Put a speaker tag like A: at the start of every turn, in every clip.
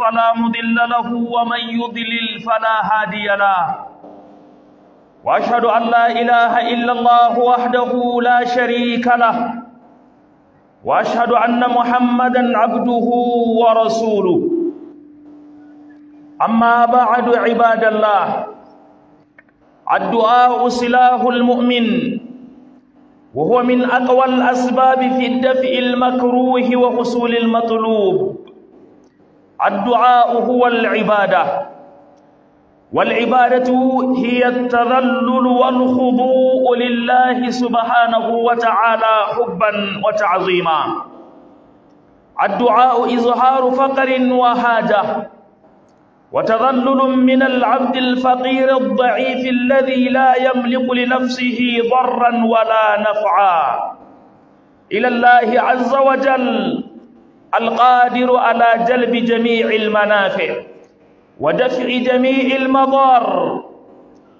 A: فلا مضل له ومن يضلل فلا هادي له واشهد ان لا اله الا الله وحده لا شريك له واشهد ان محمدا عبده ورسوله اما بعد عباد الله الدعاء سلاح المؤمن وهو من اقوى الاسباب في الدفء المكروه وحصول المطلوب الدعاء هو العبادة والعبادة هي التذلل والخضوع لله سبحانه وتعالى حبا وتعظيما الدعاء إظهار فقر وحاجة وتذلل من العبد الفقير الضعيف الذي لا يملك لنفسه ضرا ولا نفعا إلى الله عز وجل القادر على جلب جميع المنافع ودفع جميع المضار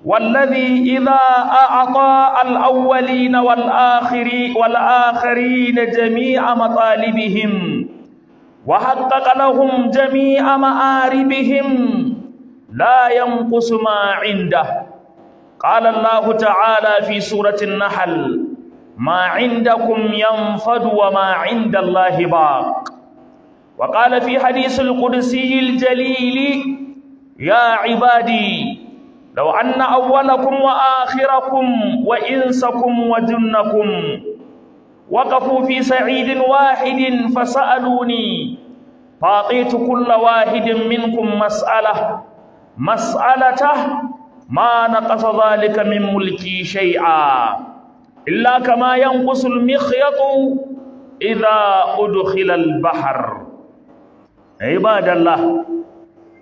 A: والذي إذا أعطى الأولين والآخرين, والآخرين جميع مطالبهم وحقق لهم جميع مآربهم لا ينقص ما عنده قال الله تعالى في سورة النحل ما عندكم ينفد وما عند الله باق وقال في حديث القدسي الجليل يا عبادي لو أن أولكم وآخركم وإنسكم وجنكم وقفوا في سعيد واحد فسألوني فأعطيت كل واحد منكم مسألة مسألته ما نقص ذلك من ملكي شيئا إلا كما ينقص المخيط إذا أدخل البحر ibadallah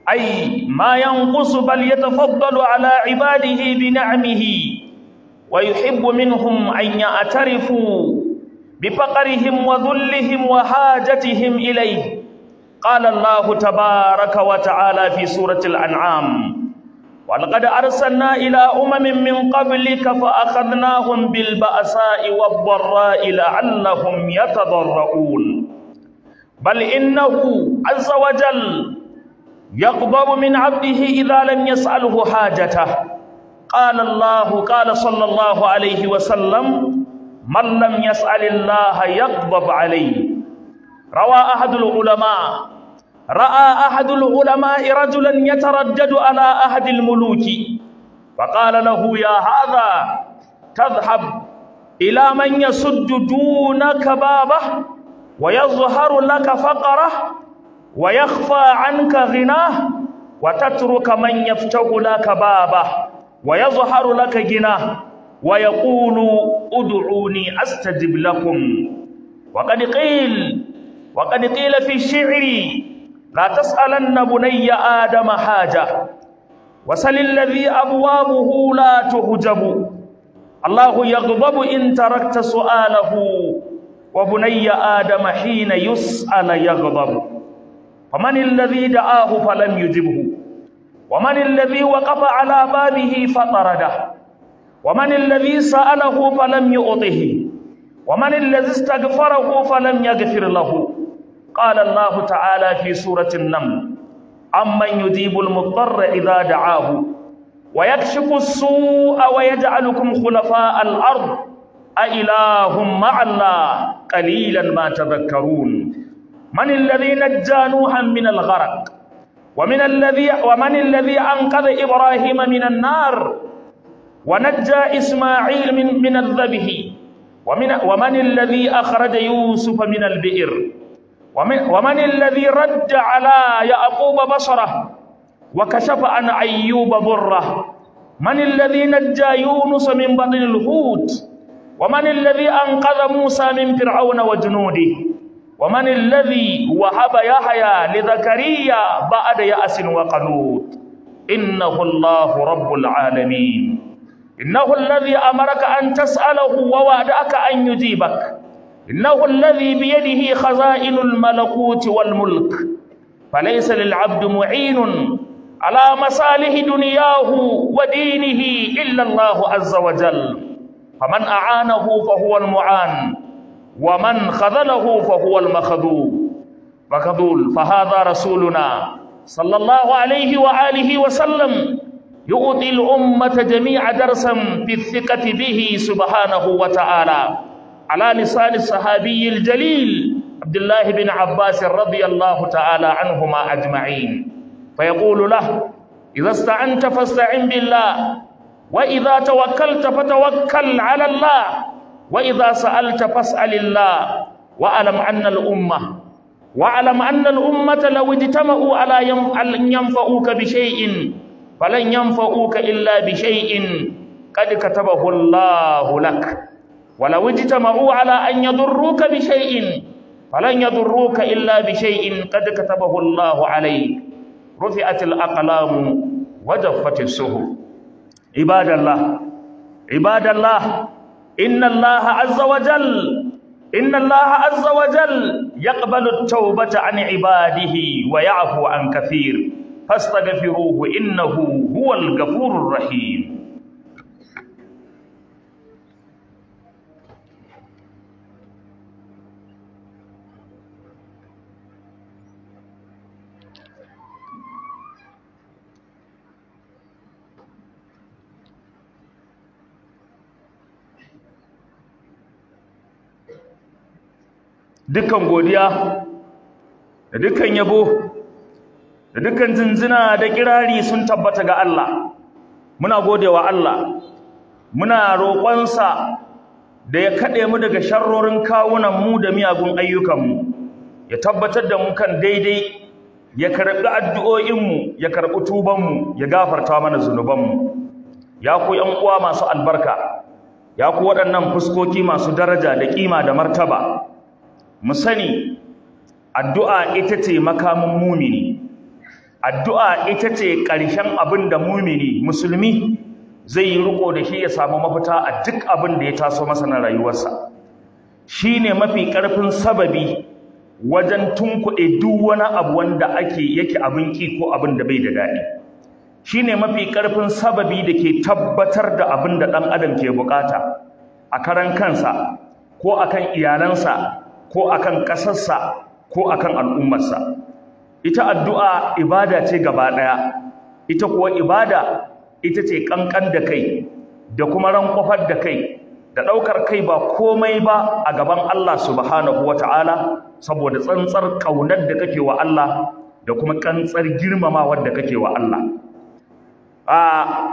A: ai ma yanqusu bal yatafaddalu ala ibadihi bi ni'amihi wa yuhibbu minhum an ya'tarifu bi faqrihim wa dhullihim wa hajatihim ilayhi qala allah tabaarak wa ta'ala fi suratil an'am wa laqad arsalna ila umamin min qablika fa akhadnahum bil ba'sa'i wad dharra'i la'annahum yatadarra'un بل إنه عز وجل يقبر من عبده إذا لم يسأله حاجته قال الله قال صلى الله عليه وسلم من لم يسأل الله يقبض عليه روى أحد العلماء رأى أحد العلماء رجلا يتردد على أحد الملوك فقال له يا هذا تذهب إلى من يسد دونك بابه ويظهر لك فقره ويخفى عنك غناه وتترك من يفتح لك بابه ويظهر لك جناه ويقول ادعوني استجب لكم وقد قيل وقد قيل في شعري لا تسألن بني آدم حاجة وسل الذي أبوابه لا تهجب الله يغضب إن تركت سؤاله wa bunayya adama hina yus'ala yaghdabu faman alladhi da'ahu falam yujibhu waman alladhi waqafa ala babihi fatarada waman alladhi sa'alahu falam yu'tihi waman alladhi istaghfarahu falam yaghfir lahu qala allah ta'ala fi surati an-naml amman yujibu al-mudarra idha da'ahu ويكشف السوء ويجعلكم hulafa الأرض أإله مع الله قليلا ما تذكرون من الذي نجى نوحا من الغرق ومن الذي ومن الذي أنقذ إبراهيم من النار ونجى إسماعيل من من الذبح ومن ومن الذي أخرج يوسف من البئر ومن ومن الذي رد على يعقوب بصره وكشف عن أيوب ضره من الذي نجى يونس من بطن الحوت ومن الذي أنقذ موسى من فرعون وجنوده ومن الذي وهب يحيى لزكريا بعد يأس وقنوط إنه الله رب العالمين إنه الذي أمرك أن تسأله ووعدك أن يجيبك إنه الذي بيده خزائن الملكوت والملك فليس للعبد معين على مصالح دنياه ودينه إلا الله عز وجل فمن أعانه فهو المعان ومن خذله فهو المخذول مخذول فهذا رسولنا صلى الله عليه وآله وسلم يؤتي الأمة جميع درسا في الثقة به سبحانه وتعالى على لسان الصحابي الجليل عبد الله بن عباس رضي الله تعالى عنهما أجمعين فيقول له إذا استعنت فاستعن بالله wa idza tawakkalta fatawakkal ala Allah wa idza sa'alta fas'alillah wa alam anna al ummah واعلم أن الأمة لو اجتمعوا على أن ينفعوك بشيء فلن ينفعوك إلا بشيء قد كتبه الله لك ولو اجتمعوا على أن يضروك بشيء فلن يضروك إلا بشيء قد كتبه الله عليك رفعت الأقلام وجفت السهول ibadallah ibadallah inna allaha azza wa inna allaha azza wa jal taubata an ibadihi wa ya'fu an kathir fastaghfiruhu innahu huwal ghafurur rahim dukkan godiya da dukkan yabo da dukkan zinzina da kirari sun tabbata ga Allah muna godewa Allah muna roƙonsa da ya kaɗe mu daga sharrorin kawunan mu da miyagun ayyukanmu ya tabbatar da mu kan daidai ya karɓi addu'o'inmu ya karɓi tubanmu ya gafarta mana zunubanmu ya ku ‘yan uwa masu albarka ya ku waɗannan fuskoki masu daraja da ƙima da martaba musani addu'a ita ce makamin mumini addu'a ita ce ƙarshen abin da mumini musulmi zai yi riko da shi ya samu mafita a duk abin da ya taso masa na rayuwarsa shi ne mafi ƙarfin sababi wajen tunkuɗe duk wani abu wanda ake yake abin ƙi ko abin da bai da daɗi shi ne mafi ƙarfin sababi da ke tabbatar da abin da ɗan adam ke buƙata a karan kansa ko a kan iyalansa ko akan ƙasarsa ko akan al'ummarsa ita addu'a ibada ce gaba ɗaya ita kuwa ibada ita ce ƙanƙan da kai da kuma rankwafar da kai da ɗaukar kai ba komai ba a gaban Allah subhanahu wata'ala saboda tsantsar ƙaunar da kake wa Allah da kuma ƙantsar girmamawar da kake wa Allah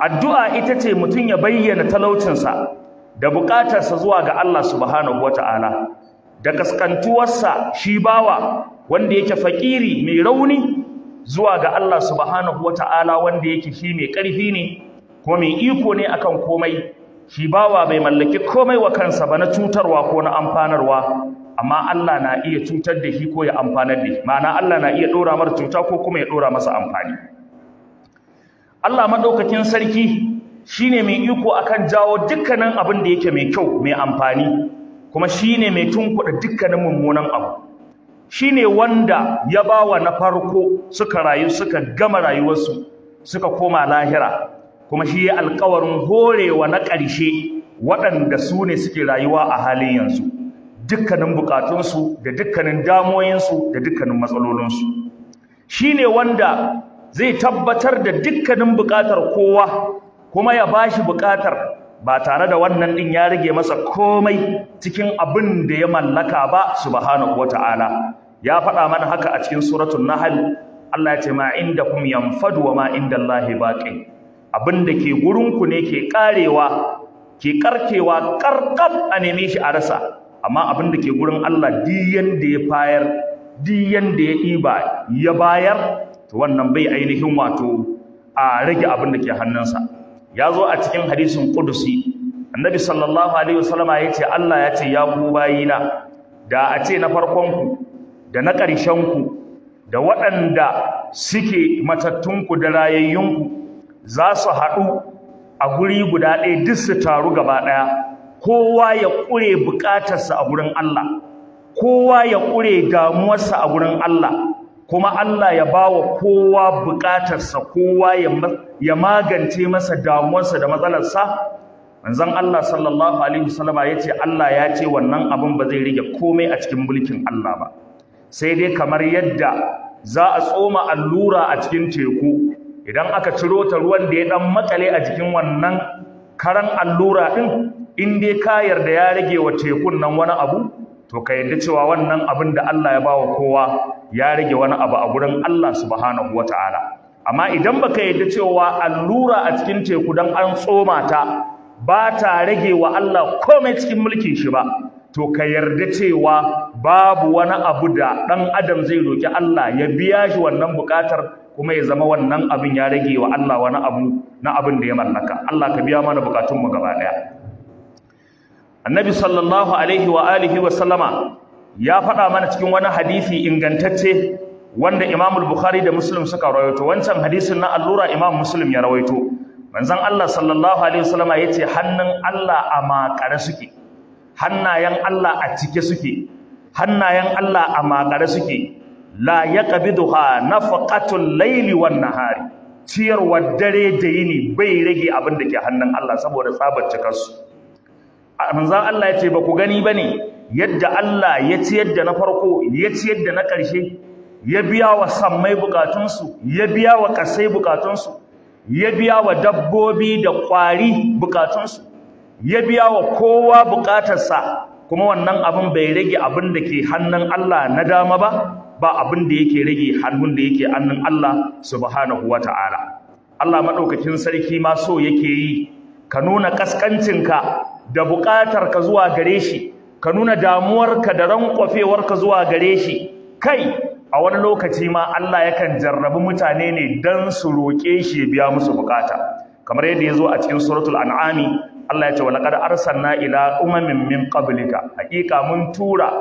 A: addu'a ita ce mutum ya bayyana talaucinsa da buƙatarsa zuwa ga Allah subhanahu wata'ala da kaskantuwarsa shi bawa wanda yake fakiri mai rauni zuwa ga Allah subhanahu wata'ala wanda yake shi mai ƙarfi ne kuma mai iko ne akan komai shi bawa bai mallaki komai wa kansa ba na cutarwa ko na amfanarwa amma Allah na iya cutar da shi ko ya amfanar da shi ma'ana Allah na iya dora mar cuta ko kuma ya dora masa amfani Allah madaukakin sarki shine mai iko akan jawo dukkanin abin da yake mai kyau mai amfani kuma shine mai tunkuɗa dukkanin mummunan abu shine wanda ya ba wa na farko suka rayu suka gama rayuwarsu suka koma lahira kuma shi ya alkawarin horewa na ƙarshe waɗanda su ne suke rayuwa a halin yanzu dukkanin buƙatunsu, da dukkanin damoyinsu da dukkanin matsalolinsu shi ne wanda zai tabbatar da dukkanin buƙatar kowa kuma ya ba shi buƙatar. ba tare da wannan din ya rage masa komai cikin abin da ya mallaka ba subhanahu wata'ala ya faɗa mana haka a cikin suratul nahl Allah ya ce ma inda kum yanfadu wa ma inda Allah baqi abin da ke gurin ku ne ke karewa ke karkewa karkab a neme shi a rasa amma abin da ke gurin Allah diyan da ya fayar diyan da ya iba ya bayar to wannan bai ainihin wato a rage abin da ke hannunsa ya zo a cikin hadisin kudusi annabi sallallahu alaihi wasallama ya ce Allah ya ce ya ku bayina da a ce na farkonku da na ƙarshenku da waɗanda suke matattunku da rayayyunku za su haɗu a guri guda ɗaya duk su taru gaba ɗaya kowa ya ƙure buƙatarsa a gurin Allah kowa ya ƙure damuwarsa a gurin Allah kuma Allah ya bawa kowa buƙatarsa kowa ya magance masa damuwarsa da matsalarsa manzon Allah sallallahu alaihi wasallama yace Allah ya ce wannan abin ba zai rige komai a cikin mulkin Allah ba sai dai kamar yadda za a tsoma allura a cikin teku idan aka ciro ta ruwan da ya dan makale a jikin wannan karan allura din in dai ka yarda ya rage wa tekun nan wani abu to ka yarda cewa wannan abin da Allah ya bawa kowa ya rage wani abu a gurin Allah subhanahu Ta'ala, amma idan baka yarda cewa allura a cikin teku don an tsoma ta ba ta rage wa Allah komai cikin mulkin shi ba to ka yarda cewa babu wani abu da ɗan adam zai roki Allah ya biya shi wannan bukatar kuma ya zama wannan abin ya rage wa Allah wani abu na abin da ya mallaka Allah ka biya mana bukatun mu gaba daya annabi sallallahu alaihi wa alihi wa sallama ya faɗa mana cikin wani hadisi ingantacce wanda Imam Bukhari da Muslim suka rawaito wancan hadisin na allura Imam Muslim ya rawaito manzon Allah sallallahu alaihi ya ce, hannun Allah a makare suke hannayen Allah a cike suke hannayen Allah a makare suke la yaqbiduha nafaqatul laili wannan hari. ciyarwar dare da yini bai rage abin da ke hannun Allah saboda tsabar cikarsu manzan Allah ya ce ba ku gani ba ne yadda Allah ya ciyar da na farko ya ciyar da na ƙarshe ya biya wa sammai bukatunsu ya biya wa ƙasai bukatunsu ya biya wa dabbobi da ƙwari bukatunsu ya biya wa kowa bukatarsa kuma wannan abin bai rage abin da ke hannun Allah na dama ba ba abin da yake rage hannun da yake hannun Allah subhanahu ta'ala Allah maɗaukakin sarki ma so yake yi ka nuna ƙasƙancinka. da buƙatar ka zuwa gare shi ka nuna damuwarka da ka zuwa gare shi kai a wani lokaci ma Allah yakan jarrabi mutane ne dan su roƙe shi ya biya musu buƙata kamar yadda ya zo a cikin suratul an'ami Allah ya ce wa laqad arsalna ila umamin min qablika haƙiƙa mun tura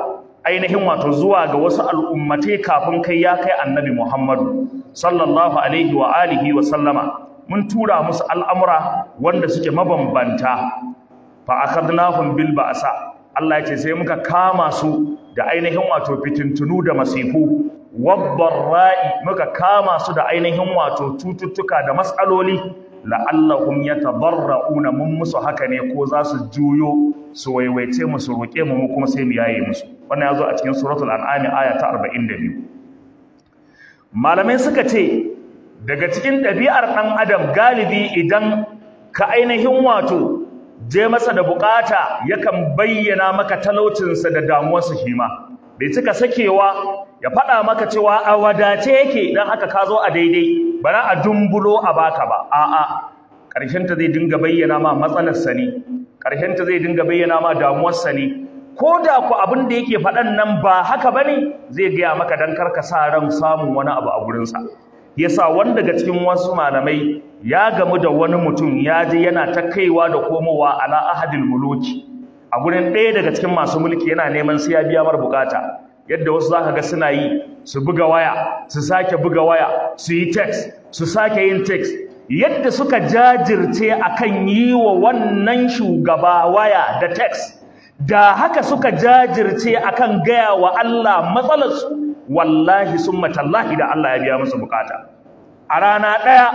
A: ainihin wato zuwa ga wasu al'ummatai kafin kai ya kai annabi Muhammadu sallallahu alaihi wa alihi wa sallama mun tura musu al'amura wanda suke mabambanta fa akhadnahum bil ba'sa Allah ya ce sai muka kama su da ainihin wato fitintunu da masifu wabbarai muka kama su da ainihin wato cututtuka da matsaloli la'allahum yatadarrauna mun musu haka ne ko za su juyo su waiwaice mu su roƙe mu kuma sai mu yaye musu wannan ya zo a cikin suratul an'am aya ta 42 malamai suka ce daga cikin ɗabi'ar ɗan adam galibi idan ka ainihin wato je masa da bukata yakan bayyana maka talaucinsa da damuwarsa shi ma bai cika sakewa ya faɗa maka cewa a wadace yake dan haka ka zo a daidai bana a dumbulo a baka ba a'a ta zai dinga bayyana ma sa ne ƙarshenta zai dinga bayyana ma damuwarsa ne ko da ku abin da yake faɗan nan ba haka bane zai gaya maka don karka sa ran samun wani abu a gurinsa yasa wanda daga cikin wasu malamai ya gamu da wani mutum ya je yana ta kaiwa da komowa ala ahadil muluki a gurin ɗaya daga cikin masu mulki yana neman sai ya biya mar bukata yadda wasu zaka ga suna yi su buga waya su sake buga waya su yi text su sake yin text yadda suka jajirce akan yi wa wannan shugaba waya da text da haka suka jajirce akan gaya wa Allah matsalarsu wallahi sun matallahi da Allah ya biya musu bukata a rana ɗaya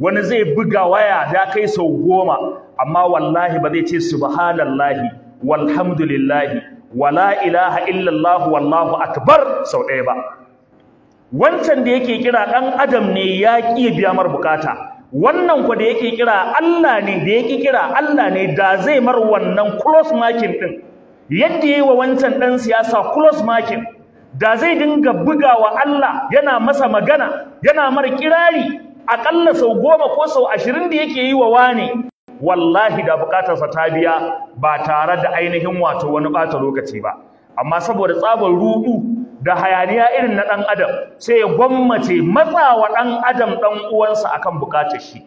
A: wani zai buga waya ya kai sau goma amma wallahi ba zai ce subhanallahi walhamdulillahi wala ilaha illallah wallahu akbar sau ɗaya ba wancan da yake kira ɗan adam ne ya ƙi biya mar bukata wannan ku da yake kira Allah ne da yake kira Allah ne da zai mar wannan close marking ɗin yadda yi wa wancan ɗan siyasa close marking da zai dinga bugawa Allah yana masa magana yana mar kirari akalla sau goma ko sau ashirin da yake yi wa wane wallahi da bukatarsa ta biya ba tare da ainihin wato wani bata lokaci ba amma saboda tsabar ruɗu da hayaniya irin na ɗan adam sai ya gwammace matsawa ɗan adam ɗan uwansa akan bukatar shi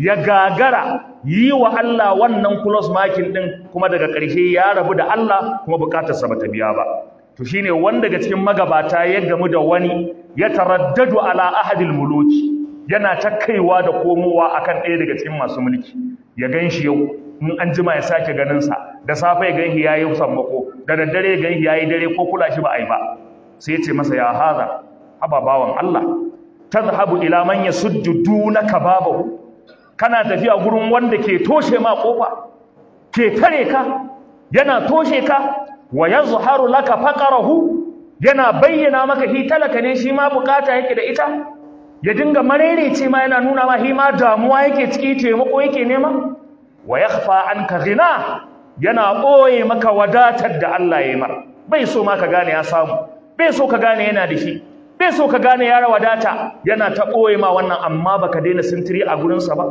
A: ya gagara yi wa Allah wannan close makin ɗin kuma daga ƙarshe ya rabu da Allah kuma bukatarsa bata biya ba to shine wanda daga cikin magabata ya gamu da wani ya taraddadu ala ahadil muluki yana ta kaiwa da komowa akan ɗaya daga cikin masu mulki ya gan yau in an jima ya sake ganinsa da safe ya gan shi ya yi sammako da daddare ya gan shi ya yi dare ko kula shi ba a yi ba sai ya ce masa ya haza haba bawan Allah tazhabu ila man yasuddu na Kababau. kana tafiya gurin wanda ke toshe ma kofa ke tare ka yana toshe ka wa yazharu laka faqarahu yana bayyana maka hi talaka ne shi ma bukata yake da ita ya dinga marerece ma yana nuna ma hi ma damuwa yake ciki taimako yake nema wa yakhfa anka ghina yana boye maka wadatar da Allah ya mar bai so ma ka gane ya samu bai so ka gane yana da shi bai so ka gane ya wadata yana ta ɓoye ma wannan amma baka daina sintiri a gurinsa ba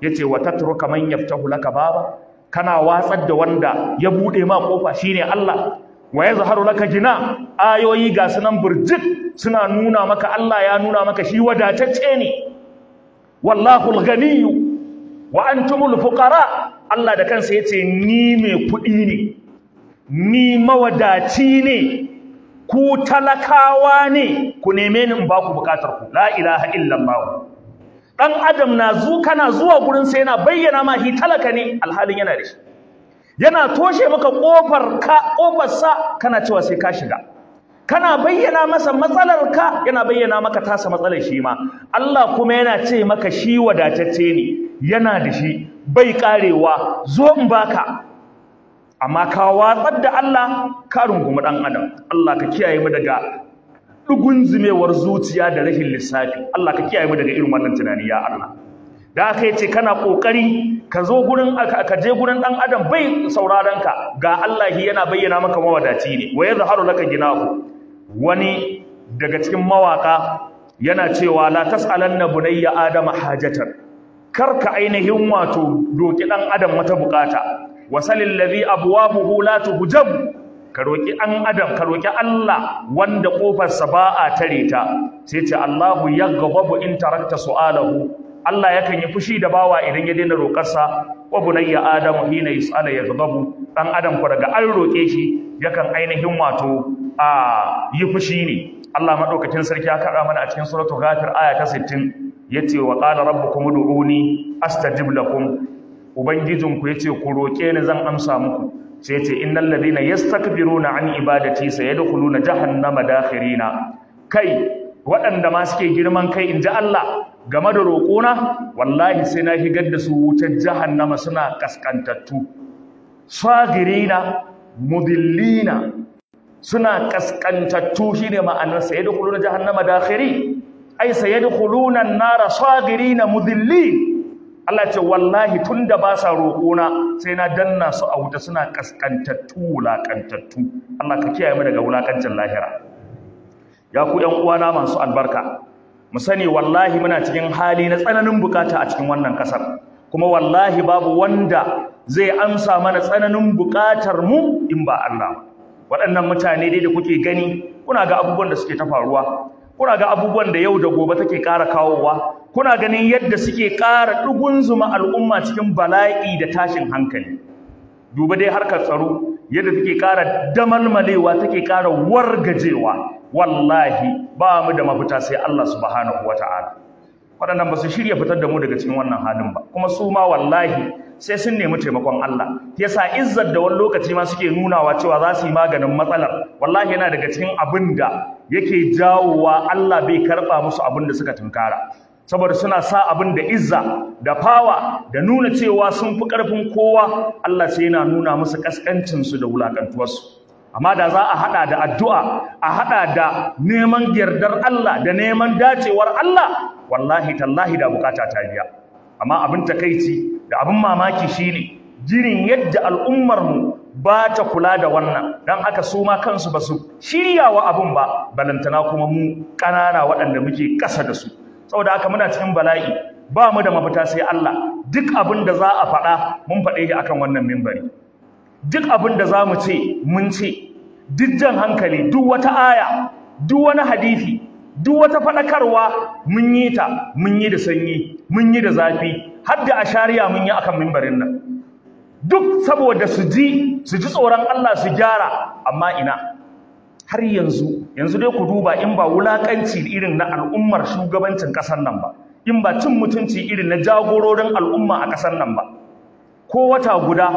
A: yace ce wa tatruka man yaftahu laka baba kana watsar da wanda ya bude ma kofa shine Allah wa yazharu laka jina ayoyi ga sunan burjik suna nuna maka Allah ya nuna maka shi wadatacce ne wallahu al-ghani wa antumul fuqara Allah da kansa yace ni mai kudi ne ni mawadaci ne ku talakawa ne ku neme ni in ba ku bukatar ku la ilaha illallah Ɗan adam na zu kana zuwa gurin sai yana bayyana ma hi talaka ne alhalin yana da shi yana toshe maka kofar ka kofar sa kana cewa sai ka shiga kana bayyana masa matsalar ka yana bayyana maka tasa matsalar shi ma Allah kuma yana ce maka shi wadatacce ne yana da shi bai karewa zo in baka amma ka watsar da Allah ka rungumi dan adam Allah ka kiyaye mu daga zumewar zuciya da rashin lissafi Allah ka kiyaye mu daga irin wannan tunani ya Allah da aka ce kana kokari ka zo gurin ka je gurin ɗan adam bai sauraron ka ga Allah yana bayyana maka mawadaci ne wa yadhharu laka ginahu wani daga cikin mawaka yana cewa la tasalanna bunayya adama hajatan ka ainihin wato doki ɗan adam wata bukata wasalil ladhi abwabuhu la tuhjab ka roƙi an adam ka roƙi Allah wanda kofar sa ba a tare ta sai ce Allahu yaghdabu in tarakta su'alahu Allah yakan yi fushi da bawa idan ya daina roƙarsa wa bunayya adamu hina yus'ala yaghdabu dan adam ko daga an roƙe shi yakan ainihin wato a yi fushi ne Allah madaukakin sarki ya karɓa mana a cikin suratul ghafir aya ta 60 yace wa qala rabbukum ud'uni astajib lakum ubangijinku yace ku roƙe ni zan amsa muku sai ce innal ladina yastakbiruna an ibadati sayadkhuluna jahannama dakhirina kai waɗanda ma suke girman kai in ji Allah game da roƙona wallahi sai na higar da su wutar jahannama suna kaskantattu sagirina mudillina suna kaskantattu shine ma'anar sayadkhuluna jahannama dakhiri ai sayadkhuluna an-nara sagirina mudilli Allah ce wallahi tunda ba sa roƙona sai na danna su a wuta suna kaskantattu wulakantattu Allah ka kiyaye mu daga wulakancin lahira ya ku ƴan uwana masu albarka mu sani wallahi muna cikin hali na tsananin bukata a cikin wannan kasar kuma wallahi babu wanda zai amsa mana tsananin bukatar mu in ba Allah waɗannan mutane dai da kuke gani kuna ga abubuwan da suke ta faruwa kuna ga abubuwan da yau da gobe take ƙara kawowa kuna ganin yadda suke ƙara zuma al'umma cikin bala'i da tashin hankali duba dai harkar tsaro yadda take ƙara damalmalewa take ƙara wargajewa wallahi ba mu da mafita sai Allah subhanahu wata'ala waɗannan ba su shirya fitar da mu daga cikin wannan halin ba kuma su ma wallahi sai sun nemi taimakon Allah yasa izzar da wani lokaci ma suke nunawa cewa za su yi maganin matsalar wallahi yana daga cikin abin da yake jawowa Allah bai karɓa musu abin da suka tunkara saboda suna sa abin da izza da fawa da nuna cewa sun fi ƙarfin kowa Allah sai yana nuna musu ƙasƙancinsu da wulaƙantuwarsu amma da za a haɗa da addu'a a haɗa da neman yardar Allah da neman dacewar Allah wallahi tallahi da bukata ta biya amma abin takaici da abin mamaki shine jirin yadda al'ummar mu. ba ta kula da wannan don haka su ma kansu ba su shirya wa abin ba balantana kuma mu ƙanana waɗanda muke ƙasa da su saboda haka muna cikin bala'i ba mu da mafita sai Allah duk abin da za a faɗa mun faɗe shi akan wannan mimbari duk abin da za mu ce mun ce duk jan hankali duk wata aya duk wani hadisi duk wata faɗakarwa mun yi ta mun yi da sanyi mun yi da zafi har da ashariya mun yi akan mimbarin nan duk saboda su ji su ji tsoron Allah su gyara amma ina har yanzu yanzu dai ku duba in ba wulakanci irin na al'ummar shugabancin kasar nan ba in ba cin mutunci irin na jagororin al'umma a kasar nan ba ko wata guda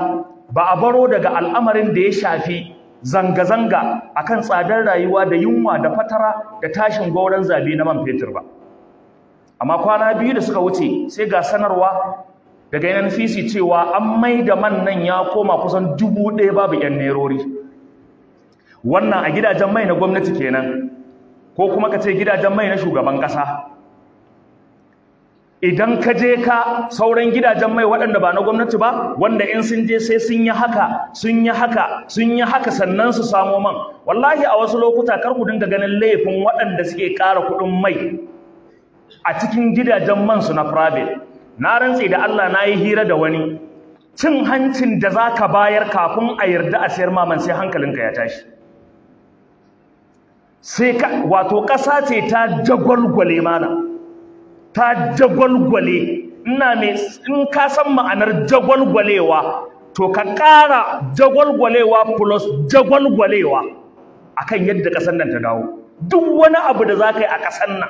A: ba a baro daga al'amarin da ya shafi zanga-zanga akan tsadar rayuwa da yunwa da fatara da tashin gauran zabe na man fetur ba amma kwana biyu da suka wuce sai ga sanarwa daga nnpc cewa an mai da man nan ya koma kusan dubu ɗaya babu yan nerori wannan a gidajen mai na gwamnati kenan ko kuma ka ce gidajen mai na shugaban ƙasa idan ka je ka sauran gidajen mai waɗanda ba na gwamnati ba wanda in sun je sai sun yi haka sun yi haka sun yi haka sannan su samo man wallahi a wasu lokuta kar ku dinga ganin laifin waɗanda suke ƙara kuɗin mai a cikin gidajen man su na private na rantse da Allah na yi hira da wani cin hancin da za ka bayar kafin a yarda a sayar maman sai hankalinka ya tashi sai ka wato ƙasa ce ta jagwalgwale mana ta jagwalgwale ina mai in ka san ma'anar jagwalgwalewa to ka ƙara jagwalgwalewa plus jagwalgwalewa akan yadda ƙasar nan ta dawo duk wani abu da za ka yi a ƙasar nan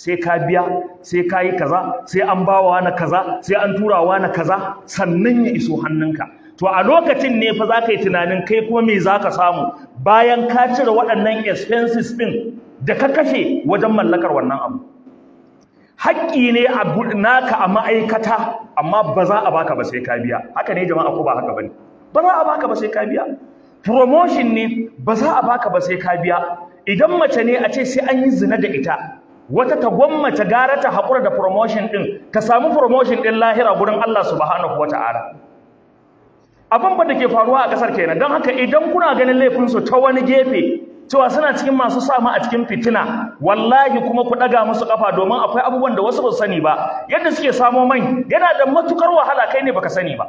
A: sai ka biya sai ka yi kaza sai an bawa na kaza sai an turawa na kaza sannan ya iso hannunka to a lokacin ne fa za ka yi tunanin kai kuma me za ka samu bayan ka cire waɗannan expenses ɗin da ka kashe wajen mallakar wannan abu haƙƙi ne a naka a ma'aikata amma ba za a baka ba sai ka biya haka ne jama'a ko ba haka bane ba za a baka ba sai ka biya promotion ne ba za a baka ba sai ka biya idan mace ne a ce sai an yi zina da ita wata ta gwammace gara ta haƙura da promotion ɗin ta samu promotion ɗin lahira wurin Allah subhanahu wata'ala abin ba da ke faruwa a ƙasar kenan don haka idan kuna ganin laifinsu ta wani gefe cewa suna cikin masu sama a cikin fitina wallahi kuma ku ɗaga musu ƙafa domin akwai abubuwan da wasu ba sani ba yadda suke samo man yana da matukar wahala kai ne baka sani ba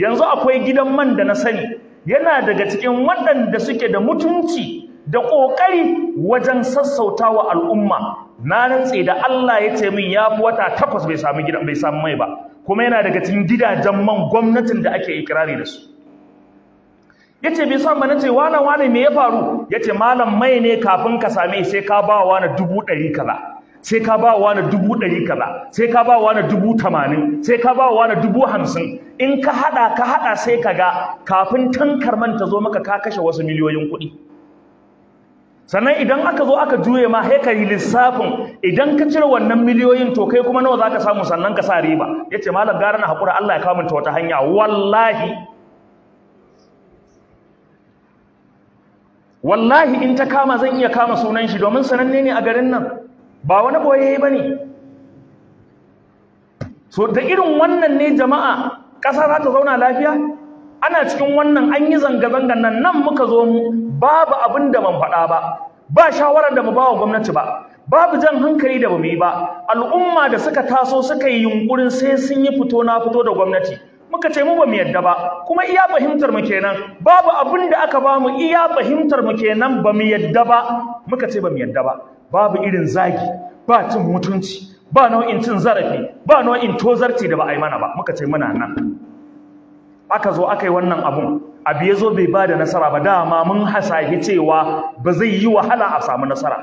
A: yanzu akwai gidan man da na sani yana daga cikin waɗanda suke da mutunci da ƙoƙari wajen sassauta wa al'umma na rantse da Allah ya ce min ya fi wata takwas bai sami gidan bai sami mai ba kuma yana daga cikin gidajen man gwamnatin da ake ikirari da su yace bai san ba ce wala wala me ya faru yace malam mai ne kafin ka sami sai ka ba wa na dubu ɗari kaza sai ka ba wa na dubu ɗari kaza sai ka ba wa na dubu tamanin sai ka ba wa na dubu hamsin in ka haɗa ka haɗa sai ka ga kafin tankar man ta zo maka ka kashe wasu miliyoyin kuɗi sannan idan aka zo aka juye ma haikali lissafin idan ka cire wannan miliyoyin to kai kuma nawa za zaka samu sannan ka sa riba yace malam gara na hakura Allah ya kawo min ta wata hanya wallahi wallahi in ta kama zan iya kama sunan shi domin sananne ne a garin nan ba wani boye ba ne so da irin wannan ne jama'a ƙasa za ta zauna lafiya ana cikin wannan an yi zanga-zangan nan nan muka zo mu babu abin da ban faɗa ba ba shawarar da mu ba wa gwamnati ba babu jan hankali da mu yi ba al'umma da suka taso suka yi yunkurin sai sun yi fito na fito da gwamnati muka ce mu ba mu yadda ba kuma iya fahimtar mu kenan babu abin da aka bamu iya fahimtar mu kenan mu yadda ba muka ce ba mu yadda ba babu irin zagi ba cin mutunci ba nau'in cin zarafi ba nau'in tozarci da ba a yi mana ba muka ce muna nan aka zo aka yi wannan abun abu ya zo bai ba da nasara ba dama mun hasahi cewa ba zai yi wahala a samu nasara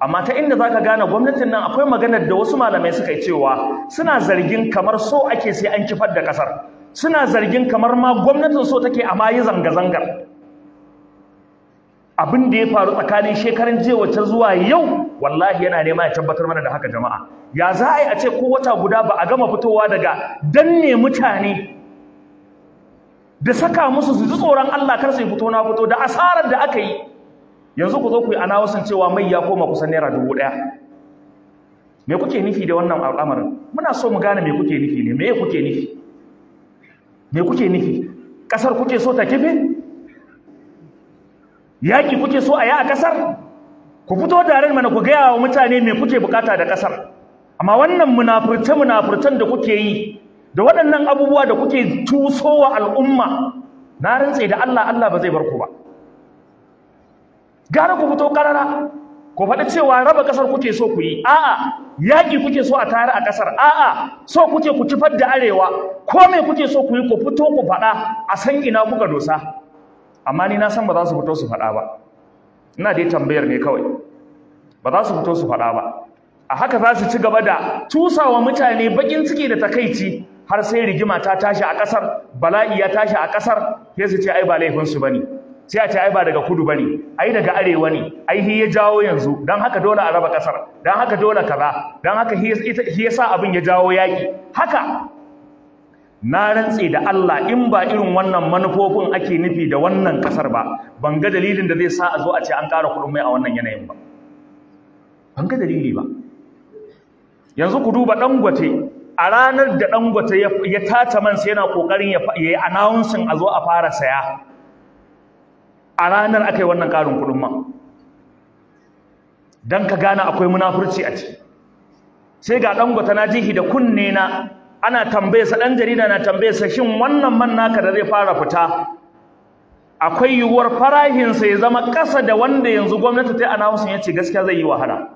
A: amma ta inda za ka gane gwamnatin nan akwai maganar da wasu malamai suka yi cewa suna zargin kamar so ake sai an kifar da kasar suna zargin kamar ma gwamnatin so take amma yi zanga-zangar abin da ya faru tsakanin shekarun jiya wacce zuwa yau wallahi yana nema ya tabbatar mana da haka jama'a ya za a yi a ce ko wata guda ba a gama fitowa daga danne mutane da saka musu su ji tsoron Allah kar sai fito na fito da asarar da aka yi yanzu ku zo ku yi wasan cewa mai ya koma kusan naira dubu ɗaya me kuke nufi da wannan al'amarin muna so mu gane me kuke nufi ne me kuke nufi me kuke nufi kasar kuke so ta kife yaki kuke so a yi a kasar ku fito da ran mana ku gaya wa mutane me kuke bukata da kasar amma wannan munafurce munafurcen da kuke yi da waɗannan abubuwa da kuke tusowa al'umma na rantse da Allah Allah ba zai bar ku ba gara ku fito karara ku faɗi cewa raba ƙasar kuke so ku yi a'a yaƙi kuke so a tare a ƙasar a'a so kuke ku cifar da arewa ko me kuke so ku yi ku fito ku faɗa a san ina kuka dosa amma ni na san ba za su fito su faɗa ba ina dai tambayar ne kawai ba za su fito su faɗa ba a haka za su ci gaba da tusawa mutane baƙin ciki da takaici har sai rigima ta tashi a kasar bala'i ya tashi a ƙasar sai su ce ai ba laifinsu ba ne sai a ce ai ba daga kudu bane ne ai daga arewa ne ai hi ya jawo yanzu don haka dole a raba kasar don haka dole kaza don haka hi sa abin ya jawo yaƙi haka na rantse da Allah in ba irin wannan manufofin ake nufi da wannan kasar ba ban ga dalilin da zai sa a zo a ce an ƙara kuɗin mai a wannan yanayin ba ban ga dalili ba yanzu ku duba dangote a ranar da dangote ya tace man sai yana kokarin ya yi announcing a zo a fara saya a ranar aka yi wannan karin kudin man don ka gane akwai munafurci a ci sai ga dangote na jihi da kunne na ana tambaye dan jarida na tambaye shin wannan man naka da zai fara fita akwai yiwuwar farahinsa ya zama ƙasa da wanda yanzu gwamnati ta yi announcing ya ce gaskiya zai yi wahala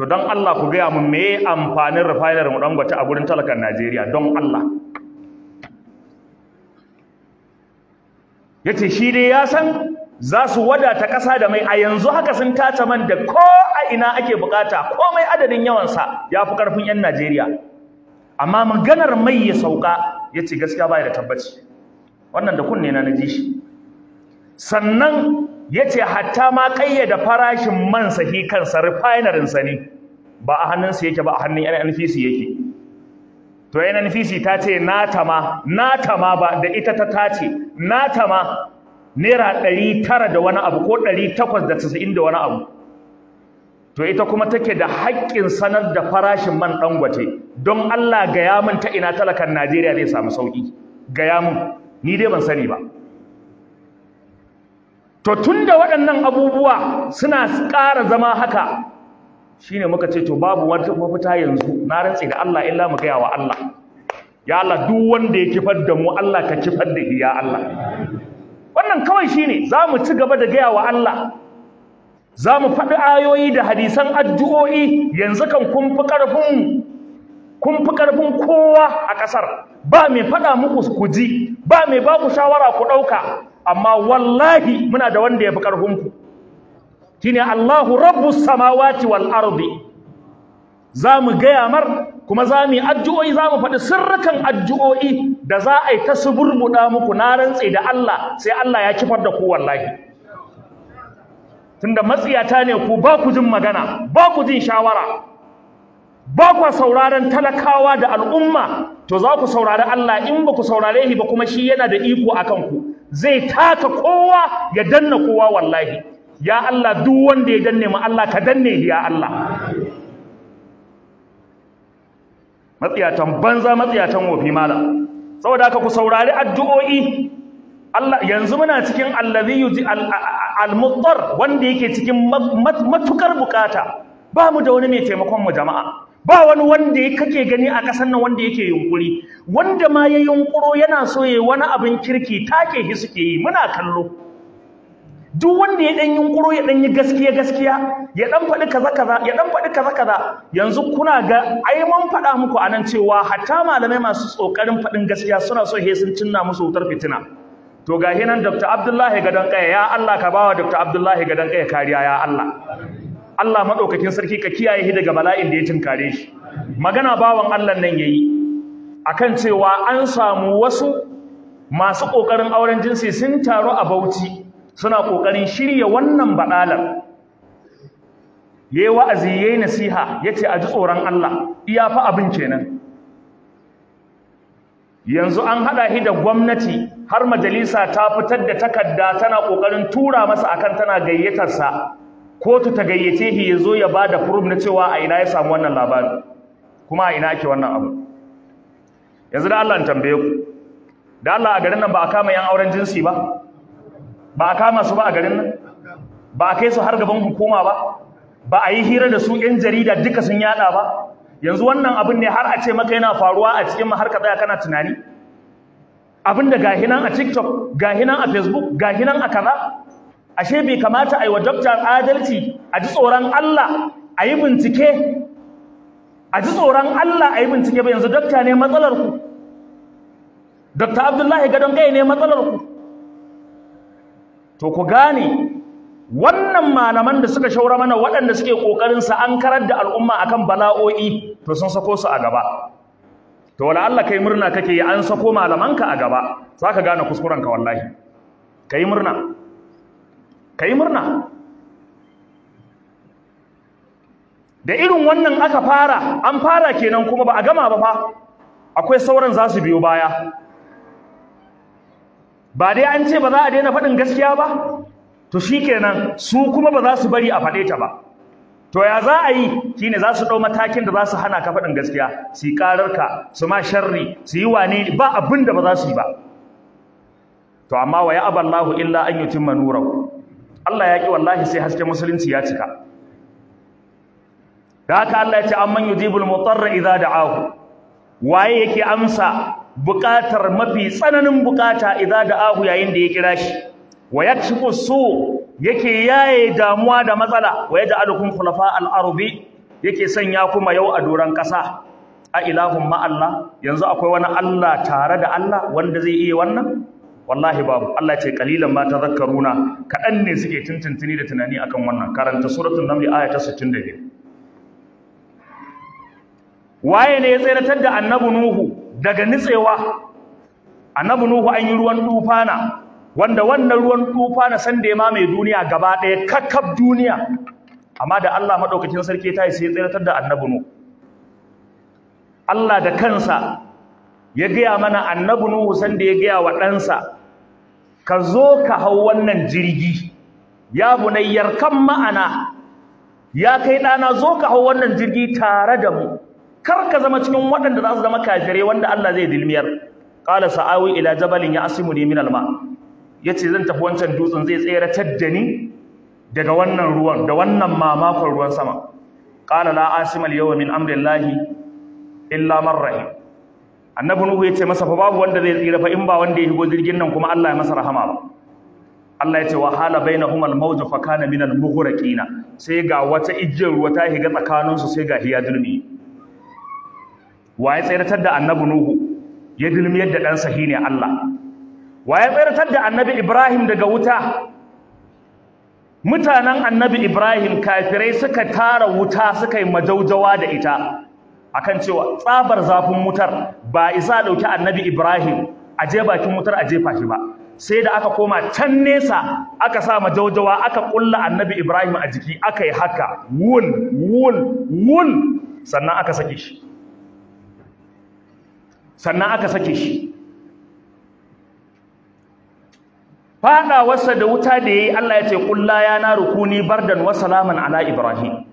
A: to don Allah ku gaya mun meye amfanin refinery mu Dangote a gurin talakan Najeriya don Allah yace shi dai ya san za su wadata kasa da mai a yanzu haka sun tace man da ko a ina ake bukata komai adadin yawansa ya fi karfin 'yan Najeriya amma maganar mai ya sauka yace gaskiya baya da tabbaci wannan da kunne na naji shi sannan yace hatta ma ƙayyada farashin man sahi kansa refinerin sa ne ba a hannunsa yake ba a hannun NNPC yake to NNPC ta ce na tama na ma ba da ita ta tace na ma naira ɗari tara da wani abu ko ɗari takwas da casa'in da wani abu to ita kuma take da haƙƙin sanar da farashin man ɗangwate don Allah gaya min ta ina talakan Najeriya zai samu sauƙi gaya min ni dai ban sani ba to tunda waɗannan abubuwa suna ƙara zama haka shine muka ce to babu wata mafita yanzu na rantsi da Allah illa mu gaya wa Allah ya Allah duk wanda ya kifar da mu Allah ka kifar da shi ya Allah wannan kawai shine za mu ci gaba da gaya wa Allah za mu faɗi ayoyi da hadisan addu'o'i yanzu kan kun fi ƙarfin kun fi ƙarfin kowa a ƙasar ba mai faɗa muku ku ji ba mai ba ku shawara ku ɗauka amma wallahi muna da wanda ya fi ƙarfinku shine Allahu rabbus samawati wal ardi za mu gaya mar kuma za mu yi addu'o'i za mu faɗi sirrukan addu'o'i da za a yi ta suburbuɗa muku na rantse da Allah sai Allah ya kifar da ku wallahi tunda matsiyata ne ku ba ku jin magana ba ku jin shawara ba ku sauraron talakawa da al'umma to za ku saurari Allah in ba ku saurare shi ba kuma shi yana da iko akan ku zai taka kowa ya danna kowa wallahi ya Allah duk wanda ya danne mu Allah ka danne ya Allah matsiyatan banza matsiyatan wofi malam saboda haka ku saurari addu'o'i Allah yanzu muna cikin allazi yuzi al wanda yake cikin matukar bukata ba mu da wani mai taimakon mu jama'a ba wani wanda kake gani a ƙasar nan wanda yake yunkuri wanda ma ya yunkuro yana so ya wani abin kirki take shi suke yi muna kallo duk wanda ya dan yunkuro ya dan yi gaskiya gaskiya ya dan faɗi kaza kaza ya dan faɗi kaza kaza yanzu kuna ga ai mun faɗa muku anan cewa hatta malamai masu tsokarin faɗin gaskiya suna so he sun cinna musu wutar fitina to ga hinan Dr. Abdullahi Gadan Kaya ya Allah ka bawa Dr. Abdullahi Gadan Kaya kariya ya Allah Allah madaukakin sarki ka kiyaye shi daga bala'in da ya tinkare shi magana bawan Allah nan yayi akan cewa an samu wasu masu kokarin auren jinsi sun taru a Bauchi suna kokarin shirye wannan badalar yayi wa'azi yayi nasiha yace a ji tsoron Allah iya fa abin kenan yanzu an hada shi da gwamnati har majalisa ta fitar da takarda tana kokarin tura masa akan tana gayyatar sa kotu ta gayyace shi ya zo ya ba da proof na cewa a ina ya samu wannan labarin, kuma a ina ake wannan abu yanzu da Allah tambaye ku da Allah a garin nan ba a kama yan auren jinsi ba ba a kama su ba a garin nan ba a kai su har gaban hukuma ba ba a yi hira da su yan jarida duka sun yada ba yanzu wannan abin ne har a ce maka yana faruwa a cikin har ka tsaya kana tunani abin da gahinan a TikTok gahinan a Facebook gahinan a kaza ashe bai kamata a yi wa dokta adalci a ji tsoron Allah a yi bincike a ji tsoron Allah a yi bincike ba yanzu dokta ne matsalar dokta Abdullahi gadon kai ne matsalar ku to ku gane wannan malaman da suka shaura mana waɗanda suke ƙoƙarin sa an karar da al'umma a kan bala'o'i to sun sako su a gaba to wala Allah ka yi murna kake yi an sako malamanka a gaba Za ka gane kuskurenka wallahi Ka yi murna ka yi murna da irin wannan aka fara an fara kenan kuma ba a gama ba fa akwai sauran za su biyo baya ba dai an ce ba za a daina faɗin gaskiya ba to shi kenan su kuma ba za su bari a faɗe ta ba to ya za a yi shi ne za su ɗau matakin da za su hana ka faɗin gaskiya su yi ka, su ma sharri su yi wane ba abin da ba za su yi ba to amma wa ya aballahu illa an yutimma nurahu Allah ya ki wallahi sai haske musulunci ya cika da haka Allah ya ce amman yujibul mutarra idza ahu. waye yake amsa buƙatar mafi tsananin buƙata idza ahu yayin da ya kira shi wa yakshifu su yake yaye damuwa da matsala wa ji khulafa al-ardi yake sanya kuma yau a doron ƙasa a ilahun ma Allah yanzu akwai wani Allah tare da Allah wanda zai iya wannan wallahi babu Allah ce qalilan ma tadhakkaruna kadan ne suke tuntuntuni da tunani akan wannan karanta suratul naml aya ta 62 waye ne ya tsiratar da annabi nuhu daga nitsewa annabi nuhu an yi ruwan tufana wanda wannan ruwan tufana na san da ya mamaye duniya gaba ɗaya kakkab duniya amma da Allah madaukakin sarki ta yi sai ya tsiratar da annabi nuhu. Allah da kansa ya gaya mana annabi nuhu san da ya gaya wa ɗansa ka zo ka hau wannan jirgi ya bunayyar kan ma'ana ya kai ɗana zo ka hau wannan jirgi tare da mu kar ka zama cikin waɗanda za su zama kafirai wanda Allah zai dilmiyar qala sa'awi ila jabalin ya asimu min alma yace zan tafi wancan dutsen zai tseratar da ni daga wannan ruwan da wannan mamakon ruwan sama qala la asima al yawma min amri illa man rahim annabi nuhu ya ce masa fa babu wanda zai tsira fa in ba wanda ya shigo jirgin nan kuma Allah ya masa rahama ba Allah ya ce wahala bainahuma al-mawj fa kana min al-mughraqina sai ga wata ijiyar ruwa ta higa tsakanin su sai ga hiya dulmi waye tsiratar da annabi nuhu ya dulmi yadda dan ne Allah waye tsiratar da annabi Ibrahim daga wuta mutanen annabi Ibrahim kafirai suka tara wuta suka yi majaujawa da ita akan cewa tsabar zafin wutar ba isa dauki annabi Ibrahim a je bakin wutar a jefa shi ba sai da aka koma can nesa aka sa majawjawa aka kulla annabi Ibrahim a jiki aka yi haka wul wul wul sannan aka sake shi sannan aka sake shi fadawarsa da wuta da yayi Allah ya ce kulla ya na rukuni bardan wa salaman ala Ibrahim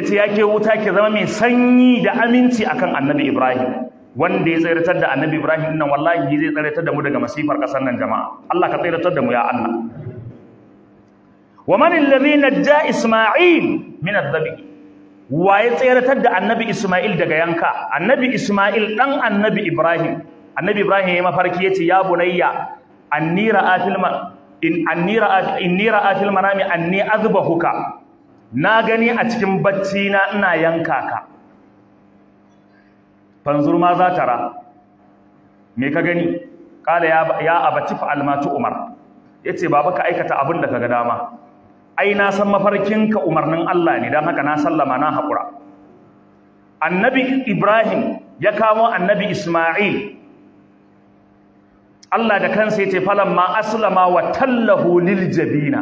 A: ce ya ke wuta ke zama mai sanyi da aminci akan annabi ibrahim wanda ya tsayratar da annabi ibrahim nan wallahi zai tsayratar da mu daga masifar kasar nan jama'a Allah ka tsayratar da mu ya Allah wa man alladhi najja isma'il min adh-dhabi wa ya tsayratar da annabi isma'il daga yanka annabi isma'il dan annabi ibrahim annabi ibrahim ya mafarki yace ya bunayya anni ni man in anni ra'at inni ra'atil manami anni azbahuka na gani a cikin bacci na ina yanka ka fanzur ma za ta ra me ka gani kala ya abati fa almatu umar yace baba ka aikata abin da ga dama ai na san mafarkinka umarnin Allah ne dan haka na sallama na hakura annabi ibrahim ya kamo annabi isma'il Allah da kansa yace falamma aslama wa tallahu lil jabina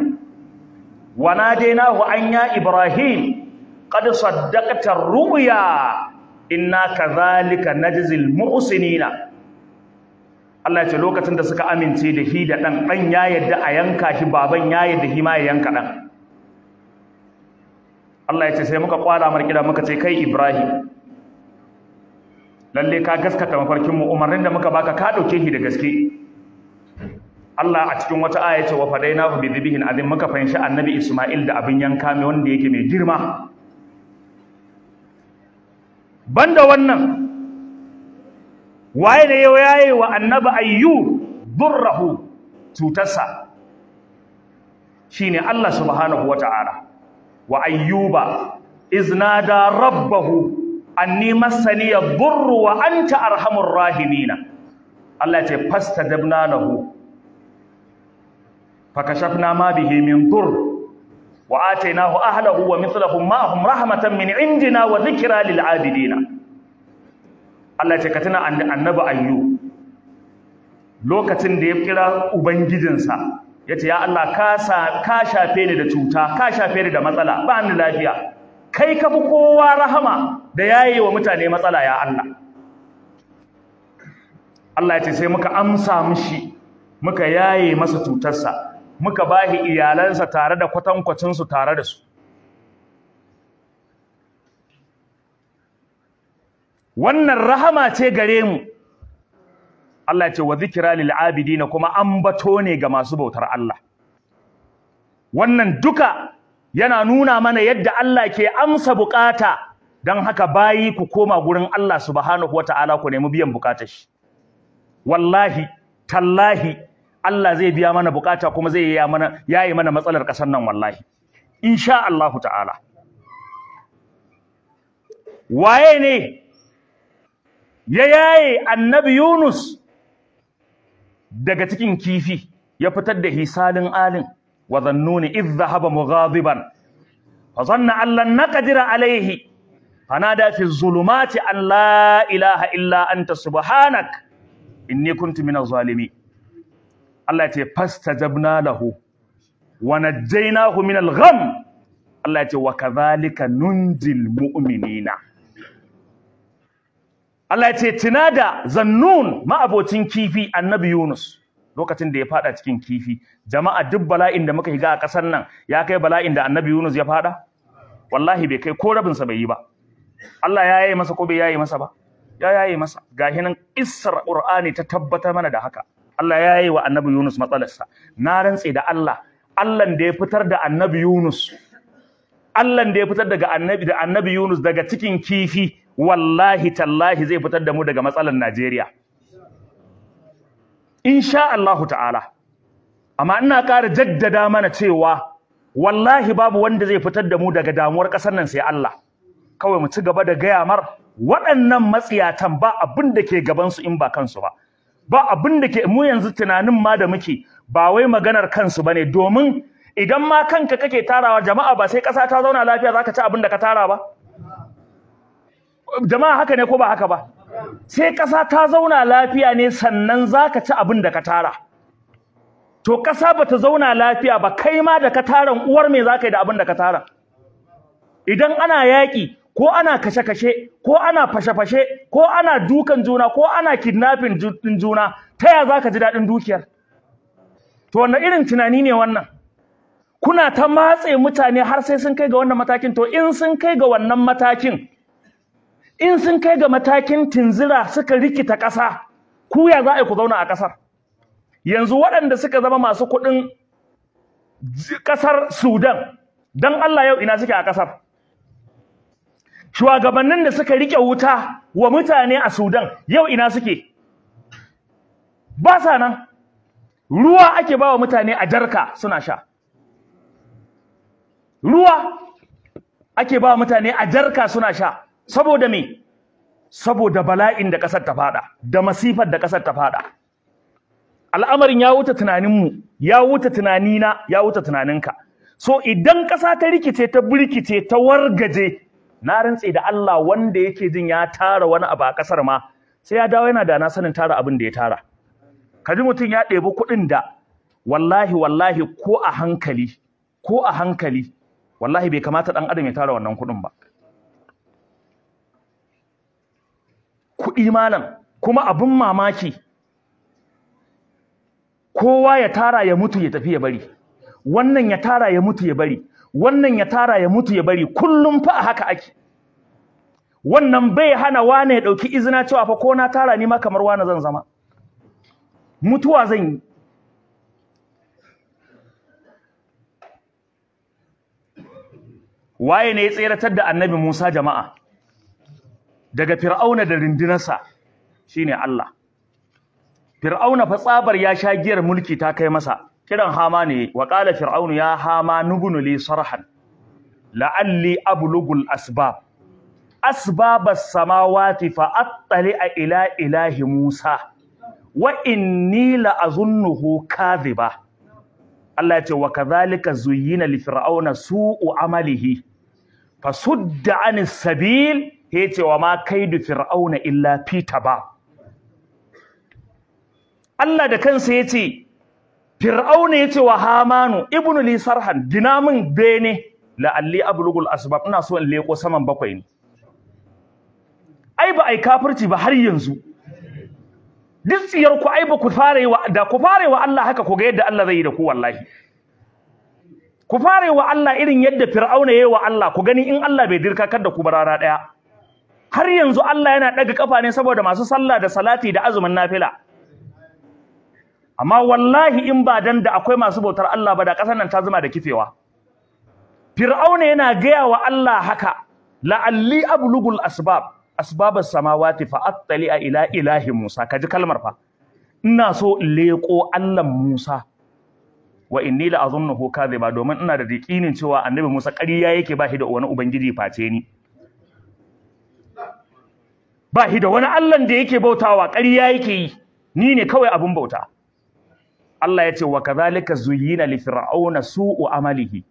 A: wa nadainahu an ya ibrahim qad saddaqta ruya inna kadhalika najzil mu'sinina Allah ya ce lokacin da suka amince da shi da dan dan ya yadda a yanka shi baban ya yadda shi ma ya yanka dan Allah ya ce sai muka kwala mar kida muka ce kai Ibrahim lalle ka gaskata mafarkin mu umarnin da muka baka ka dauke shi da gaske Allah a cikin wata aya ce wa fadaina bi bidhibihin azim muka fanshi annabi Isma'il da abin yanka mai wanda yake mai girma banda wannan waye ne yayi wa annabi ayyu durrahu tutarsa shine Allah subhanahu wata'ala wa ayyuba iznada rabbahu anni masani yadurru wa anta arhamur rahimina. Allah ya ce fastadabna lahu fakashafna ma bihi min dur wa atainahu ahlahu wa mithlahum ma'ahum rahmatan min indina wa dhikra lil abidina Allah ya ce katina annabi ayyu lokacin da ya kira ubangijinsa yace ya Allah ka ka shafe ni da cuta ka shafe ni da matsala ba ni lafiya kai ka fi kowa rahama da yayi wa mutane matsala ya Allah Allah ce sai muka amsa mishi muka yaye masa cutarsa muka ba bahi iyalansa tare da kwatankwacinsu tare da su wannan rahama ce gare mu Allah ce wa zikira lil abidina kuma ambato ne ga masu bautar Allah wannan duka yana nuna mana yadda Allah ke amsa bukata don haka bayi ku koma gurin Allah subhanahu wataala ku nemi biyan bukatar shi wallahi tallahi Allah zai biya mana bukata kuma zai yi mana yayi mana matsalar kasar nan wallahi insha Allahu ta'ala waye ne ya yaye annabi Yunus daga cikin kifi ya fitar da hisalin alin wa zannuni id dhahaba mughadiban fa zanna an naqdira alayhi fanada fi zulumati an la ilaha illa anta subhanak inni kuntu minaz zalimin Allah ya ce fastajabna lahu wa najjaynahu min al-gham Allah ya ce wa kadhalika nunjil mu'minina Allah ya ce tinada da zannun ma'abocin kifi annabi Yunus lokacin da ya fada cikin kifi jama'a duk bala'in da muka shiga a kasar nan ya kai bala'in da annabi Yunus ya fada wallahi bai kai ko rabin sa bai yi ba Allah ya yayi masa ko bai yayi masa ba ya yayi masa gahi nan qissar qur'ani ta tabbata mana da haka Allah ya yi wa annabi Yunus matsalarsa na rantse da Allah Allah da ya fitar da annabi Yunus Allah da ya fitar daga annabi da annabi Yunus daga cikin kifi wallahi tallahi zai fitar da mu daga matsalar Najeriya insha Allahu ta'ala amma ina ƙara jaddada mana cewa wallahi babu wanda zai fitar da mu daga damuwar ƙasar nan sai Allah kawai mu ci gaba da gaya mar waɗannan matsiyatan ba abin da ke gabansu in ba kansu ba ba abin da ke mu yanzu tunanin ma da muke ba wai maganar kansu bane domin idan ma kanka kake tarawa jama'a ba sai ƙasa ta zauna lafiya zaka ci abin da ka tara ba jama'a haka ne ko ba haka ba sai ƙasa ta zauna lafiya ne sannan zaka ci abin da ka tara to ƙasa ta zauna lafiya ba kai ma da ka taran uwar me zaka yi da abin da ka tara idan ana yaki. ko ana kashe-kashe ko ana fashe-fashe ko ana dukan juna ko ana kidnapping din juna ta ya za ka ji daɗin dukiyar to wanne irin tunani ne wannan kuna ta matse mutane har sai sun kai ga wannan matakin to in sun kai ga wannan matakin in sun kai ga matakin tinzira suka rikita ƙasa ku ya za a ku zauna a ƙasar yanzu waɗanda suka zama masu kuɗin ƙasar Sudan dan Allah yau ina suke a ƙasar shugabannin da suka rike wuta wa mutane a Sudan yau ina suke ba sa nan ruwa ake ba wa mutane a jarka suna sha ruwa ake ba wa mutane a jarka suna sha saboda me saboda bala'in da kasar ta fada da masifar da kasar ta fada al'amarin ya wuta tunaninmu ya wuta tunanina ya wuta tunaninka so idan ƙasa ta rikice ta burkice ta wargaje na rantse da Allah wanda yake jin ya tara wani abu a kasar ma sai ya dawo yana da na sanin tara abin da ya tara kaji mutum ya ɗebi kuɗin da wallahi wallahi ko a hankali ko a hankali wallahi bai kamata ɗan adam ya tara wannan kuɗin ba kuɗi malam kuma abin mamaki kowa ya tara ya mutu ya tafi ya bari wannan ya tara ya mutu ya bari wannan ya tara ya mutu ya bari kullum fa a haka ake wannan bai hana wane ya dauki izina cewa fa ko na tara ni ma kamar wane zan zama mutuwa zan yi waye ne ya tseratar da annabi Musa jama'a daga fir'auna da rindinarsa shine Allah fir'auna fa tsabar ya sha giyar mulki ta kai masa kiran hama ne wa fir'aunu ya hama nubnu li sarhan la'alli ablugul asbab asbabas samawati fa a ila ilahi musa wa inni la azunnuhu kadhiba Allah ya ce wa kadhalika zuyyina li fir'auna su'u amalihi fasudda anis sabil yace wa ma kaidu fir'auna illa fi ba. Allah da kansa yace fir'auna ya ce wa hamanu ibnu li sarhan gina min bene Alli ablugul asbab ina so in leko saman bakwai ne ai ba ai kafirci ba har yanzu duk tsiyar ku ai ba ku fare wa da ku fare wa Allah haka ku ga yadda Allah zai yi da ku wallahi ku fare wa Allah irin yadda fir'auna yi wa Allah ku gani in Allah bai dirka kar da ku barara daya har yanzu Allah yana daga kafa ne saboda masu sallah da salati da azumin nafila amma wallahi in ba dan da akwai masu bautar Allah ba da ƙasar nan ta zama da kifewa fir'auna yana gaya wa Allah haka la'alli ablugul asbab asbabas samawati fa attali'a ila ilahi Musa kaji kalmar fa ina so in leko Allah Musa wa inni la azunnuhu kadhiba domin ina da yakinin cewa annabi Musa ƙarya yake ba shi da wani ubangiji face ni ba shi da wani Allah da yake bautawa ƙarya yake yi ni ne kawai abun bauta Allah ya ce wa kazalika zuyina li fir'auna su'u amalihi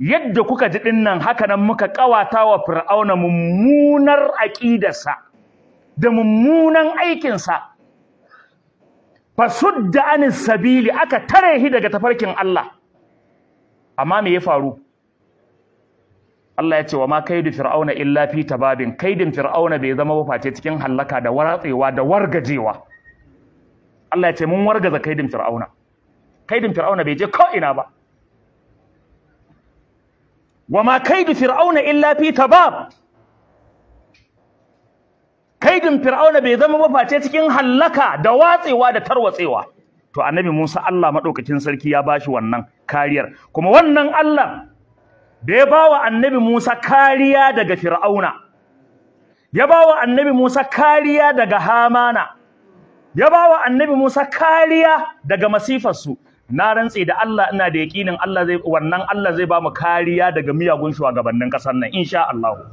A: yadda kuka ji dinnan haka nan muka kawata wa fir'auna mummunar aqidarsa da mummunan aikin sa fasudda anis sabili aka tare shi daga tafarkin Allah amma me ya faru Allah ya ce wa ma kaidu fir'auna illa fi tababin kaidin fir'auna bai zama ba face cikin hallaka da waratsewa da wargajewa Allah ya ce mun wargaza kaidin fir'auna kaidin fir'auna bai je ko'ina ina ba ma kaidu fir'auna illa fi tabab kaidin fir'auna bai zama ba face cikin hallaka da watsewa da tarwatsewa to annabi Musa Allah madaukakin sarki ya bashi wannan kariyar kuma wannan Allah da ya bawa annabi Musa kariya daga fir'auna ya bawa annabi Musa kariya daga hamana ya bawa annabi Musa kariya daga masifarsu na rantse da Allah ina da yakinin Allah zai wannan Allah zai ba mu kariya daga miyagun shugabannin kasar nan insha Allah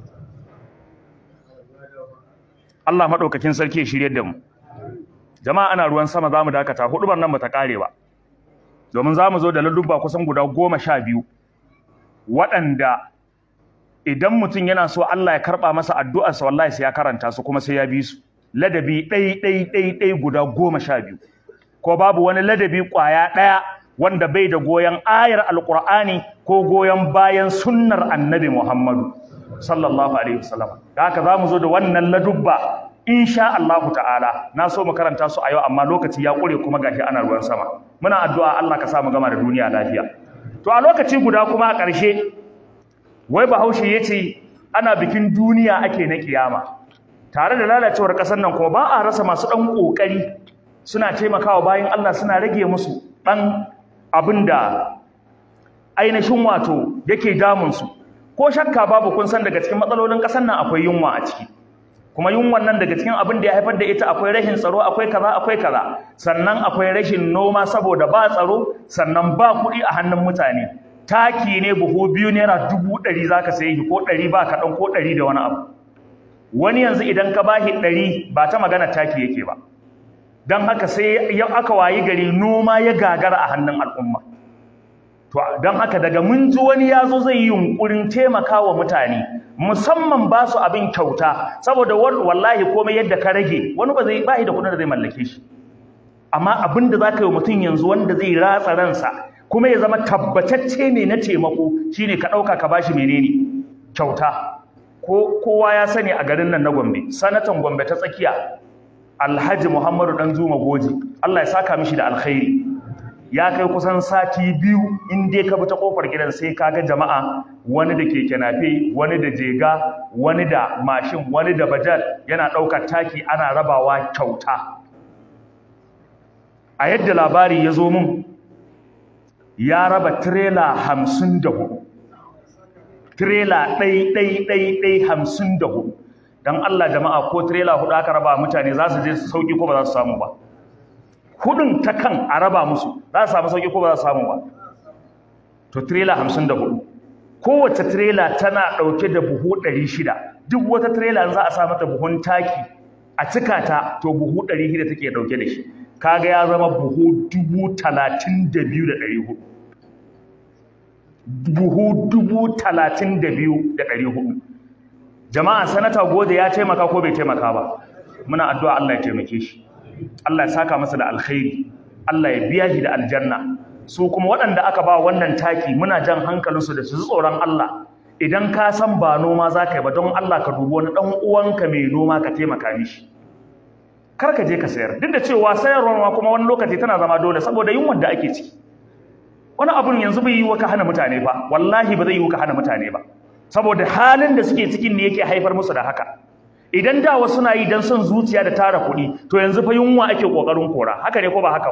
A: Allah madaukakin sarki ya shirye da mu jama'a ana ruwan sama za mu dakata hudubar nan ta kare ba domin mu zo da lalluba kusan guda goma sha biyu waɗanda idan mutum yana so Allah ya karɓa masa addu'arsa wallahi sai ya karanta su kuma sai ya bi su ladabi ɗai ɗai ɗai ɗai guda goma sha biyu ko babu wani ladabi kwaya ɗaya wanda bai da goyon ayar alkur'ani ko goyon bayan sunnar annabi muhammadu sallallahu alaihi wasallam da haka za mu zo da wannan ladubba insha Allah ta'ala na so mu karanta su a yau amma lokaci ya kure kuma gashi ana ruwan sama muna addu'a Allah ka sa mu gama da duniya lafiya to a lokaci guda kuma a ƙarshe wai bahaushe ya ce ana bikin duniya ake na kiyama tare da lalacewar ƙasar nan kuma ba a rasa masu ɗan ƙoƙari suna taimakawa bayan Allah suna rage musu ɗan abin da ainihin wato yake damunsu ko shakka babu kun san daga cikin matsalolin ƙasar nan akwai yunwa a ciki kuma yunwan nan daga cikin abin da ya haifar da ita akwai rashin tsaro akwai kaza akwai kaza sannan akwai rashin noma saboda ba tsaro sannan ba kuɗi a hannun mutane taki ne buhu biyu naira dubu ɗari za ka sayi ko ɗari ba kaɗan ko ɗari da wani abu wani yanzu idan ka bahi ɗari ba ta magana taki yake ba don haka sai aka wayi gari noma ya gagara a hannun al'umma to don haka daga mun ji wani ya zo zai yi yunkurin taimaka wa mutane musamman ba su abin kyauta saboda wallahi komai yadda ka rage wani ba zai bahi da kudin da zai mallake shi amma abin da zaka yi mutum yanzu wanda zai ratsa ransa kuma ya zama tabbatacce ne na taimako shine ka ɗauka ka bashi menene kyauta ko kowa ya sani a garin nan na Gombe sanatan Gombe ta tsakiya alhaji muhammadu dan zuma goji allah ya saka mishi da alkhairi ya kai kusan sati biyu in dai ka bi ta kofar gidan sai ka ga jama'a wani da keke nafe wani da jega wani da mashin wani da bajal yana ɗaukar taki ana rabawa kyauta a yadda labari ya zo mun ya raba tirela hamsin da hudu tirela ɗai ɗai ɗai ɗai hamsin da hudu dan Allah jama'a ko trailer hudu aka raba mutane za su je su sauki ko ba za su samu ba hudun ta kan a raba musu za su samu sauki ko ba za su samu ba to trailer 54 kowace trailer tana dauke da buhu 600 duk wata trailer za a sa mata buhun taki a cika ta to buhu 600 take dauke da shi kaga ya zama buhu 32,400 buhu 32,400 jama'a sanata gode ya taimaka ko bai taimaka ba muna addu'a Allah ya taimake shi Allah ya saka masa da alkhairi Allah ya biya shi da aljanna su kuma waɗanda aka ba wannan taki muna jan hankalinsu da su tsoron Allah idan ka san ba noma za ka yi ba don Allah ka dubi wani ɗan uwanka mai noma ka taimaka mishi kar ka je ka sayar duk da cewa sayarwa ma kuma wani lokaci tana zama dole saboda yunwar da ake ciki wani abun yanzu bai yi wa ka hana mutane ba wallahi ba zai yi wa ka hana mutane ba saboda halin da suke cikin ne yake haifar musu da haka idan da wasu na yi don son zuciya da tara kuɗi to yanzu fa yunwa ake ƙoƙarin kora haka ne ko ba haka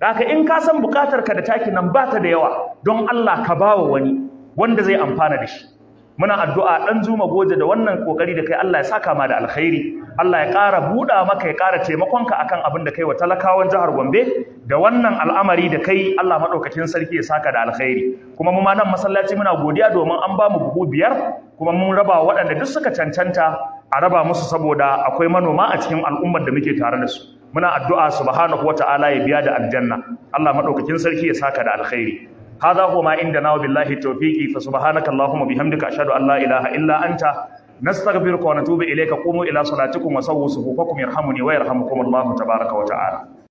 A: ba haka in ka san bukatarka da taki nan ba ta da yawa don Allah ka bawa wani wanda zai amfana da shi muna addu'a ɗan zuma goje da wannan ƙoƙari da kai Allah ya sa kama da alkhairi Allah ya ƙara buɗa maka ya ƙara taimakonka akan abin da kai wa talakawan jihar Gombe da wannan al'amari da kai Allah maɗaukacin sarki ya saka da alkhairi kuma mu ma nan masallaci muna godiya domin an ba mu buhu biyar kuma mun raba waɗanda duk suka cancanta a raba musu saboda akwai manoma a cikin al'ummar da muke tare da su muna addu'a subhanahu ta'ala ya biya da aljanna Allah maɗaukacin sarki ya saka da alkhairi hadha huwa ma indana nawa billahi tawfiqi fa subhanaka allahumma bihamdika ashhadu an la ilaha illa anta nastaghfiruka wa natubu ilayka qumu ila salatikum wa sawwu sufufakum yarhamuni wa yarhamukum allah tabaaraka wa ta'ala